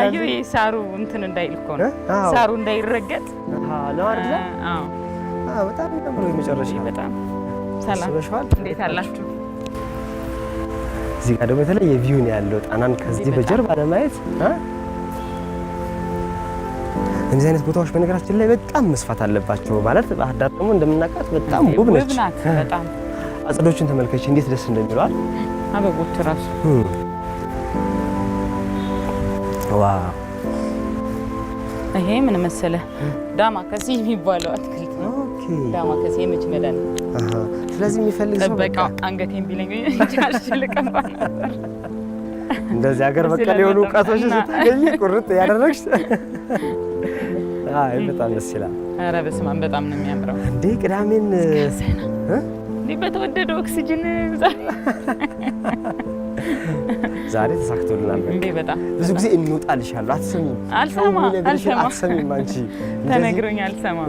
አዩ ሳሩ እንትን እንዳይል እኮ ነው ሳሩ እንዳይረገጥ በጣም ነው የመጨረሻ። በጣም ሰላም እንዴት አላችሁ? እዚህ ጋር ደግሞ የተለየ ቪው ነው ያለው ጣናን ከዚህ በጀርባ ለማየት እንደዚህ አይነት ቦታዎች በነገራችን ላይ በጣም መስፋት አለባቸው። ማለት ባህር ዳር ደግሞ እንደምናውቃት በጣም ውብ ነች። አጸዶቹን ተመልከች እንዴት ደስ እንደሚለዋል። አበቦቹ ራሱ ዋ ይሄ ምን መሰለ ዳማ ከሲ የሚባለው አትክልት ነው። ዳማ ከሲ የምች መዳን አሃ። ስለዚህ የሚፈልግ ሰው በቃ አንገቴን ቢለኝ እንደዚህ ሀገር በቀል የሆኑ እውቀቶች ስታገኝ ቁርጥ ያደረግሽ አይ በጣም ደስ ይላል። ኧረ በስመ አብ በጣም ነው የሚያምረው እንዴ ቅዳሜን እንግዲህ በተወደደ ኦክሲጅን ዛሬ ተሳክቶልናል። እንዴ በጣም ብዙ ጊዜ እንወጣልሻለሁ። አትሰሚም? አልሰማ አልሰማ አልሰማም። አንቺ ተነግሮኝ አልሰማም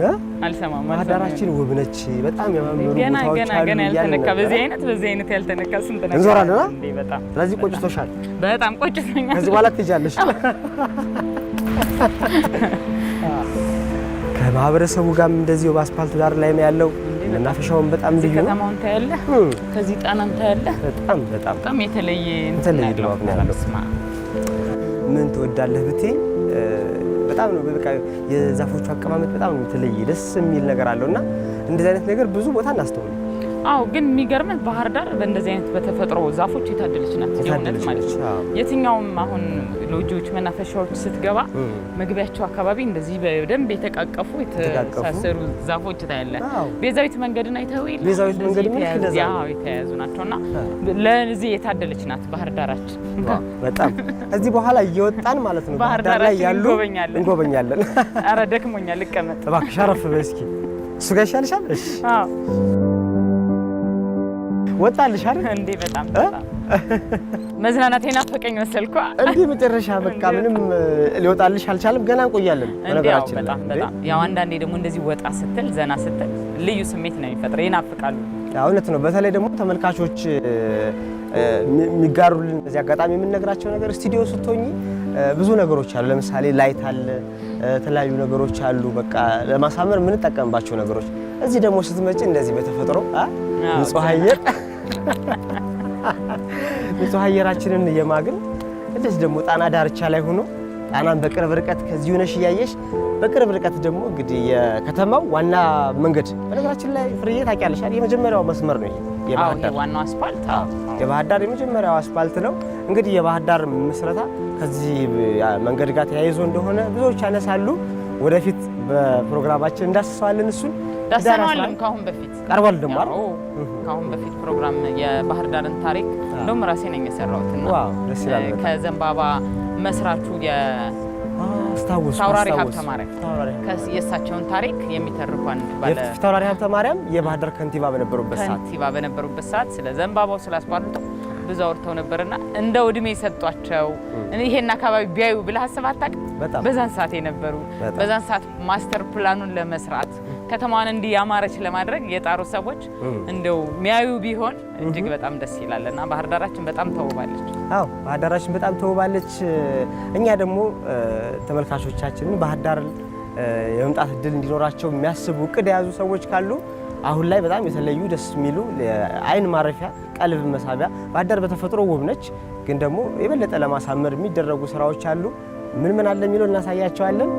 አልሰማም። አዳራችን ውብ ነች። በጣም ያማምሩ ገና ገና ገና ያልተነካ በዚህ አይነት በዚህ አይነት ያልተነካ ስንት ነበር። እንዞራለን። እንዴ በጣም ስለዚህ ቆጭቶሻል። በጣም ቆጭቶኛል። ከዚህ በኋላ ትሄጃለሽ። ከማህበረሰቡ ጋርም እንደዚህ በአስፓልቱ ዳር ላይ ነው ያለው መናፈሻውን በጣም ልዩ ነው። ከተማውን ታያለህ፣ ከዚህ ጣናም ታያለህ። በጣም በጣም በጣም የተለየ የተለየ ድባብ ነው ያለው። ምን ትወዳለህ ብትይ በጣም ነው በቃ የዛፎቹ አቀማመጥ በጣም ነው የተለየ ደስ የሚል ነገር አለው እና እንደዚህ አይነት ነገር ብዙ ቦታ እናስተውል አዎ ግን የሚገርምህ ባህር ዳር በእንደዚህ አይነት በተፈጥሮ ዛፎች የታደለች ናት። የእውነት ማለት ነው። የትኛውም አሁን ሎጂዎች፣ መናፈሻዎች ስትገባ መግቢያቸው አካባቢ እንደዚህ በደንብ የተቃቀፉ የተሳሰሩ ዛፎች ታያለ። ቤዛዊት መንገድን አይተው የለ? ቤዛዊት መንገድ የተያያዙ ናቸው እና ለዚህ የታደለች ናት ባህር ዳራችን። በጣም እዚህ በኋላ እየወጣን ማለት ነው ባህር ዳር ላይ ያሉ እንጎበኛለን። ኧረ ደክሞኛል ልቀመጥ እባክሽ፣ አረፍ በይ እስኪ። እሱ ጋር ይሻልሻል። እሺ ወጣልሻል እንዴ? በጣም መዝናናት የናፈቀኝ መሰልኳ። እንዲህ መጨረሻ በቃ ምንም ሊወጣልሽ አልቻለም። ገና እንቆያለን። በነገራችን በጣም በጣም ያው አንዳንዴ ደግሞ እንደዚህ ወጣ ስትል ዘና ስትል ልዩ ስሜት ነው የሚፈጥረው። ይናፍቃሉ። እውነት ነው። በተለይ ደግሞ ተመልካቾች የሚጋሩልን በዚህ አጋጣሚ የምንነግራቸው ነገር ስቱዲዮ ስትሆኚ ብዙ ነገሮች አሉ። ለምሳሌ ላይት አለ፣ የተለያዩ ነገሮች አሉ። በቃ ለማሳመር የምንጠቀምባቸው ነገሮች። እዚህ ደግሞ ስትመጪ እንደዚህ በተፈጥሮ ንጹህ አየር ንጹህ አየራችንን የማግን እንደዚህ ደግሞ ጣና ዳርቻ ላይ ሆኖ ጣናን በቅርብ ርቀት ከዚህ ሆነሽ እያየሽ በቅርብ ርቀት ደግሞ እንግዲህ የከተማው ዋና መንገድ በነገራችን ላይ ፍርዬ ታውቂያለሽ የመጀመሪያው መስመር ነው የባህር ዳር ዋናው አስፋልት። የባህር ዳር የመጀመሪያው አስፋልት ነው። እንግዲህ የባህር ዳር ምስረታ ከዚህ መንገድ ጋር ተያይዞ እንደሆነ ብዙዎች ያነሳሉ። ወደፊት በፕሮግራማችን እንዳስሰዋለን። እሱን ዳሰነዋልም ከአሁን በፊት ቀርቧል። ደሞ ከአሁን በፊት ፕሮግራም የባህር ዳርን ታሪክ እንደውም ራሴ ነኝ የሰራሁት እና ከዘንባባ መስራቹ ታውራሪ ሀብተ ማርያም የእሳቸውን ታሪክ የሚተርኩ አንድ ባለ ታውራሪ ሀብተ ማርያም የባህር ዳር ከንቲባ በነበሩበት ሰዓት ከንቲባ በነበሩበት ሰዓት ስለ ዘንባባው ስለ አስፓልቱ ብዙ አውርተው ነበርና እንደው እድሜ ሰጧቸው ይሄን አካባቢ ቢያዩ ብለህ አስብ አታውቅም። በዛን ሰዓት የነበሩ በዛን ሰዓት ማስተር ፕላኑን ለመስራት ከተማዋን እንዲህ ያማረች ለማድረግ የጣሩ ሰዎች እንደው ሚያዩ ቢሆን እጅግ በጣም ደስ ይላል እና ባህር ዳራችን በጣም ተውባለች። አዎ ባህር ዳራችን በጣም ተውባለች። እኛ ደግሞ ተመልካቾቻችን ባህር ዳር የመምጣት እድል እንዲኖራቸው የሚያስቡ እቅድ የያዙ ሰዎች ካሉ አሁን ላይ በጣም የተለዩ ደስ የሚሉ አይን ማረፊያ፣ ቀልብ መሳቢያ ባህርዳር በተፈጥሮ ውብ ነች። ግን ደግሞ የበለጠ ለማሳመር የሚደረጉ ስራዎች አሉ። ምን ምን አለ የሚለው እናሳያቸዋለን።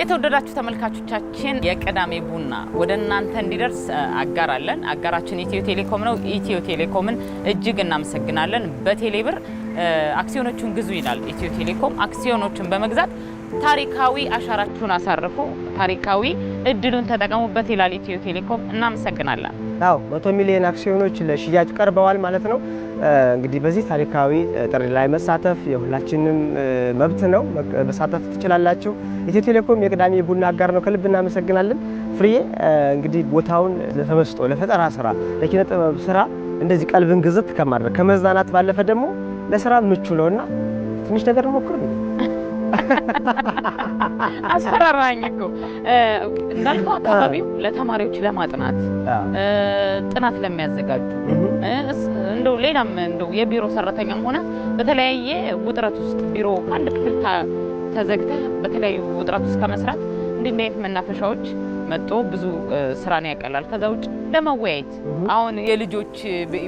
የተወደዳችሁ ተመልካቾቻችን የቅዳሜ ቡና ወደ እናንተ እንዲደርስ አጋር አለን። አጋራችን ኢትዮ ቴሌኮም ነው። ኢትዮ ቴሌኮምን እጅግ እናመሰግናለን። በቴሌ ብር አክሲዮኖቹን ግዙ ይላል ኢትዮ ቴሌኮም። አክሲዮኖቹን በመግዛት ታሪካዊ አሻራችሁን አሳርፉ፣ ታሪካዊ እድሉን ተጠቀሙበት ይላል ኢትዮ ቴሌኮም። እናመሰግናለን። አዎ መቶ ሚሊዮን አክሲዮኖች ለሽያጭ ቀርበዋል ማለት ነው። እንግዲህ በዚህ ታሪካዊ ጥሪ ላይ መሳተፍ የሁላችንም መብት ነው። መሳተፍ ትችላላችሁ። ኢትዮ ቴሌኮም የቅዳሜ ቡና አጋር ነው። ከልብ እናመሰግናለን። ፍሬዬ እንግዲህ ቦታውን ለተመስጦ ለፈጠራ ስራ፣ ለኪነ ጥበብ ስራ እንደዚህ ቀልብን ግዝት ከማድረግ ከመዝናናት ባለፈ ደግሞ ለስራ ምቹ ነውና ትንሽ ነገር ሞክር። አስፈራራኝ እኮ እንዳልኩ አካባቢው ለተማሪዎች ለማጥናት ጥናት ለሚያዘጋጁ እንደው ሌላም እንደው የቢሮ ሰራተኛም ሆነ በተለያየ ውጥረት ውስጥ ቢሮ አንድ ክፍል ተዘግተ በተለያዩ ውጥረት ውስጥ ከመስራት እንዲህ ዓይነት መናፈሻዎች መጥቶ ብዙ ስራን ያቀላል። ከዛ ውጭ ለመወያየት አሁን የልጆች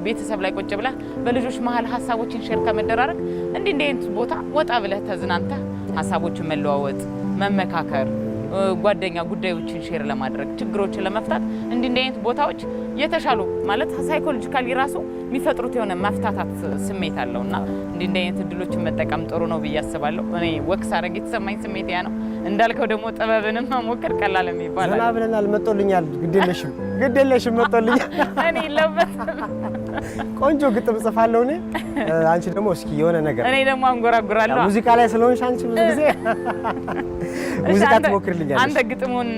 ቤተሰብ ላይ ቁጭ ብለህ በልጆች መሀል ሀሳቦችን ሼር ከመደራረግ እንዲህ እንዲህ አይነት ቦታ ወጣ ብለህ ተዝናንተህ ሀሳቦችን መለዋወጥ መመካከር ጓደኛ ጉዳዮችን ሼር ለማድረግ ችግሮችን ለመፍታት እንዲህ እንዲህ አይነት ቦታዎች የተሻሉ ማለት ሳይኮሎጂካሊ ራሱ የሚፈጥሩት የሆነ መፍታታት ስሜት አለው እና እንዲህ እንዲህ አይነት እድሎችን መጠቀም ጥሩ ነው ብዬ አስባለሁ። እኔ ወክ አረግ የተሰማኝ ስሜት ያ ነው። እንዳልከው ደግሞ ጥበብንም መሞከር ቀላል የሚባል ዘና ብለናል። መጦልኛል። ግድ የለሽም መጦልኛል። እኔ ለበት ቆንጆ ግጥም ጽፋለሁ እኔ አንቺ ደግሞ እስኪ የሆነ ነገር እኔ ደግሞ አንጎራጉራለሁ። ሙዚቃ ላይ ስለሆንሽ አንቺ ብዙ ጊዜ ሙዚቃ ትሞክርልኛለሽ? አንተ ግጥሙን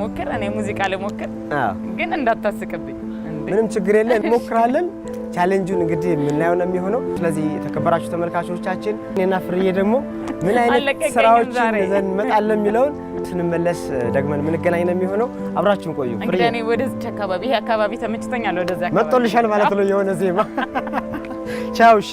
ሞክር፣ እኔ ሙዚቃ ልሞክር። ግን እንዳታስቅብኝ። ምንም ችግር የለም፣ እንሞክራለን። ቻሌንጁን እንግዲህ የምናየው ነው የሚሆነው። ስለዚህ የተከበራችሁ ተመልካቾቻችን፣ እኔና ፍርዬ ደግሞ ምን አይነት ስራዎችን ይዘን እንመጣለን የሚለውን ስንመለስ ደግመን የምንገናኝ ነው የሚሆነው። አብራችሁን ቆዩ። እንግዲህ ወደዚህ አካባቢ ይሄ አካባቢ ተመችቶኛል፣ ወደዚያ መጥቶልሻል ማለት ነው የሆነ ዜማ ቻውሽ